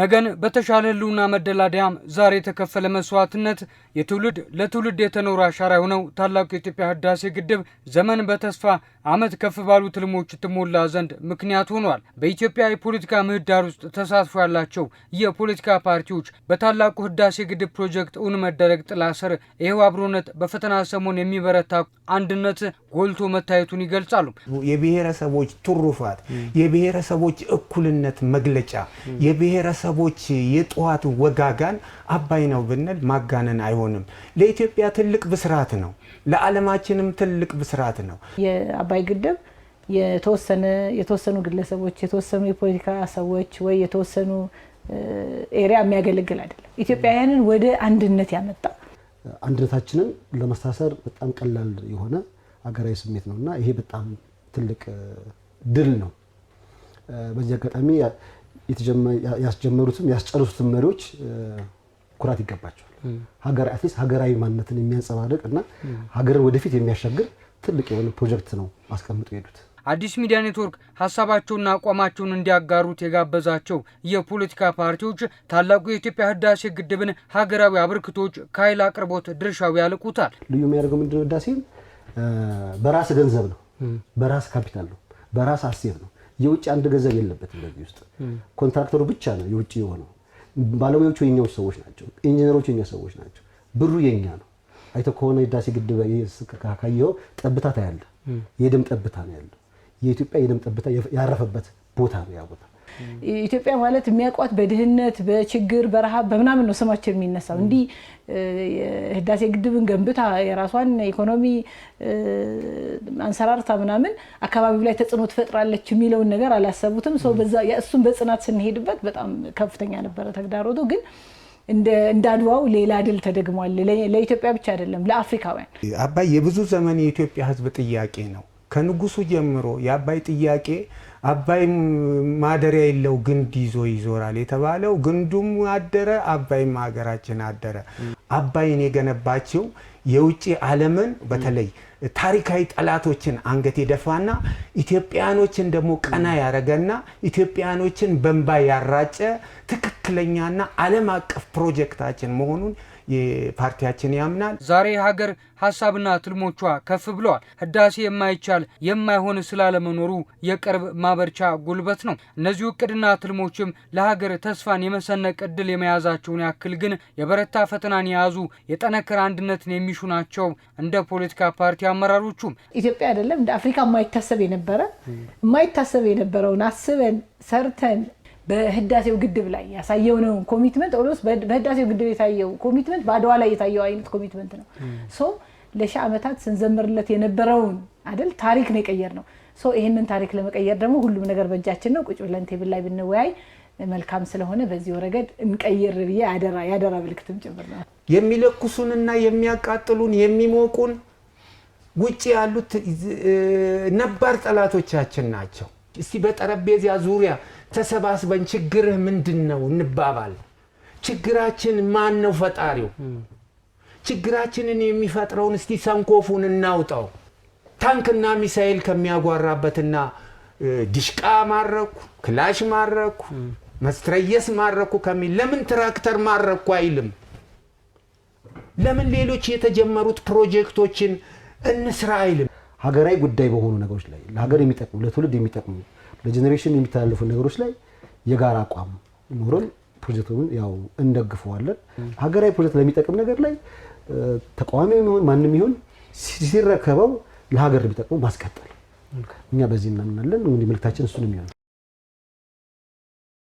ነገን በተሻለ ህልውና መደላደያም ዛሬ የተከፈለ መስዋዕትነት የትውልድ ለትውልድ የተኖረ አሻራ የሆነው ታላቁ የኢትዮጵያ ህዳሴ ግድብ ዘመን በተስፋ አመት ከፍ ባሉ ትልሞች ትሞላ ዘንድ ምክንያት ሆኗል። በኢትዮጵያ የፖለቲካ ምህዳር ውስጥ ተሳትፎ ያላቸው የፖለቲካ ፓርቲዎች በታላቁ ህዳሴ ግድብ ፕሮጀክት እውን መደረግ ጥላ ስር ይኸው አብሮነት በፈተና ሰሞን የሚበረታ አንድነት ጎልቶ መታየቱን ይገልጻሉ። የብሔረሰቦች ትሩፋት፣ የብሔረሰቦች እኩልነት መግለጫ፣ የብሔረሰቦች የጠዋት ወጋጋን አባይ ነው ብንል ማጋነን አይሆንም። ለኢትዮጵያ ትልቅ ብስራት ነው፣ ለዓለማችንም ትልቅ ብስራት ነው። አባይ ግድብ የተወሰነ የተወሰኑ ግለሰቦች የተወሰኑ የፖለቲካ ሰዎች ወይ የተወሰኑ ኤሪያ የሚያገለግል አይደለም። ኢትዮጵያውያንን ወደ አንድነት ያመጣ አንድነታችንን ለመሳሰር በጣም ቀላል የሆነ ሀገራዊ ስሜት ነው እና ይሄ በጣም ትልቅ ድል ነው። በዚህ አጋጣሚ ያስጀመሩትም ያስጨርሱትም መሪዎች ኩራት ይገባቸዋል። ሀገር አትሊስት ሀገራዊ ማንነትን የሚያንጸባርቅ እና ሀገርን ወደፊት የሚያሻግር ትልቅ የሆነ ፕሮጀክት ነው አስቀምጦ የሄዱት። አዲስ ሚዲያ ኔትወርክ ሀሳባቸውና አቋማቸውን እንዲያጋሩት የጋበዛቸው የፖለቲካ ፓርቲዎች ታላቁ የኢትዮጵያ ህዳሴ ግድብን ሀገራዊ አበርክቶች ከኃይል አቅርቦት ድርሻው ያልቁታል። ልዩ የሚያደርገው ምንድነው? ህዳሴ በራስ ገንዘብ ነው፣ በራስ ካፒታል ነው፣ በራስ አሴብ ነው። የውጭ አንድ ገንዘብ የለበትም። በዚህ ውስጥ ኮንትራክተሩ ብቻ ነው የውጭ የሆነው። ባለሙያዎቹ የኛው ሰዎች ናቸው። ኢንጂነሮቹ የኛ ሰዎች ናቸው። ብሩ የኛ ነው። አይተ ከሆነ ህዳሴ ግድብ ካየኸው ጠብታ ታያለህ። የደም ጠብታ ነው ያለው። የኢትዮጵያ የደም ጠብታ ያረፈበት ቦታ ነው ያ ቦታ። ኢትዮጵያ ማለት የሚያውቋት በድህነት በችግር በረሃብ በምናምን ነው ስማቸው የሚነሳው። እንዲህ ህዳሴ ግድብን ገንብታ የራሷን ኢኮኖሚ አንሰራርታ ምናምን አካባቢው ላይ ተጽዕኖ ትፈጥራለች የሚለውን ነገር አላሰቡትም። ሰው እሱም በጽናት ስንሄድበት በጣም ከፍተኛ ነበረ ተግዳሮቱ ግን እንዳድዋው ሌላ ድል ተደግሟል። ለኢትዮጵያ ብቻ አይደለም፣ ለአፍሪካውያን። አባይ የብዙ ዘመን የኢትዮጵያ ሕዝብ ጥያቄ ነው። ከንጉሱ ጀምሮ የአባይ ጥያቄ አባይ ማደሪያ የለው ግንድ ይዞ ይዞራል የተባለው ግንዱም አደረ፣ አባይም ሀገራችን አደረ። አባይን የገነባቸው የውጭ ዓለምን በተለይ ታሪካዊ ጠላቶችን አንገት የደፋና ኢትዮጵያኖችን ደግሞ ቀና ያረገና ኢትዮጵያኖችን በንባ ያራጨ ትክክለኛና ዓለም አቀፍ ፕሮጀክታችን መሆኑን የፓርቲያችን ያምናል። ዛሬ ሀገር ሀሳብና ትልሞቿ ከፍ ብለዋል። ህዳሴ የማይቻል የማይሆን ስላለመኖሩ የቅርብ ማበርቻ ጉልበት ነው። እነዚሁ እቅድና ትልሞችም ለሀገር ተስፋን የመሰነቅ እድል የመያዛቸውን ያክል ግን የበረታ ፈተናን የያዙ የጠነከረ አንድነትን የሚሹ የሚሹ ናቸው። እንደ ፖለቲካ ፓርቲ አመራሮቹም ኢትዮጵያ አይደለም እንደ አፍሪካ የማይታሰብ የነበረ የማይታሰብ የነበረውን አስበን ሰርተን በህዳሴው ግድብ ላይ ያሳየው ነው ኮሚትመንት ኦልሞስት በህዳሴው ግድብ የታየው ኮሚትመንት በአድዋ ላይ የታየው አይነት ኮሚትመንት ነው። ሶ ለሺህ ዓመታት ስንዘምርለት የነበረውን አይደል ታሪክ ነው የቀየር ነው። ሶ ይህንን ታሪክ ለመቀየር ደግሞ ሁሉም ነገር በእጃችን ነው። ቁጭ ብለን ቴብል ላይ ብንወያይ መልካም ስለሆነ በዚህ ረገድ እንቀይር ብዬ ያደራ ምልክትም ጭምር ነው። የሚለኩሱንና የሚያቃጥሉን የሚሞቁን ውጭ ያሉት ነባር ጠላቶቻችን ናቸው። እስቲ በጠረጴዛ ዙሪያ ተሰባስበን ችግርህ ምንድን ነው እንባባል። ችግራችን ማን ነው? ፈጣሪው። ችግራችንን የሚፈጥረውን እስቲ ሰንኮፉን እናውጣው። ታንክና ሚሳኤል ከሚያጓራበትና ዲሽቃ ማረኩ፣ ክላሽ ማረኩ፣ መስትረየስ ማረኩ ከሚል ለምን ትራክተር ማረኩ አይልም? ለምን ሌሎች የተጀመሩት ፕሮጀክቶችን እንስራ አይልም? ሀገራዊ ጉዳይ በሆኑ ነገሮች ላይ ለሀገር የሚጠቅሙ ለትውልድ የሚጠቅሙ ለጀኔሬሽን የሚተላለፉ ነገሮች ላይ የጋራ አቋም ኖረን ፕሮጀክቱን ያው እንደግፈዋለን። ሀገራዊ ፕሮጀክት ለሚጠቅም ነገር ላይ ተቃዋሚ ሆን ማንም ይሁን ሲረከበው ለሀገር የሚጠቅሙ ማስቀጠል እኛ በዚህ እናምናለን። እንግዲህ መልክታችን እሱን የሚሆነ